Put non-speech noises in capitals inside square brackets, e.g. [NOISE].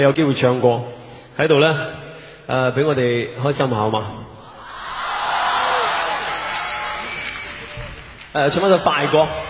沒有機會唱歌喺度咧，誒俾、呃、我哋開心下好嗎？ [LAUGHS] 呃、唱一首快歌。 [LAUGHS]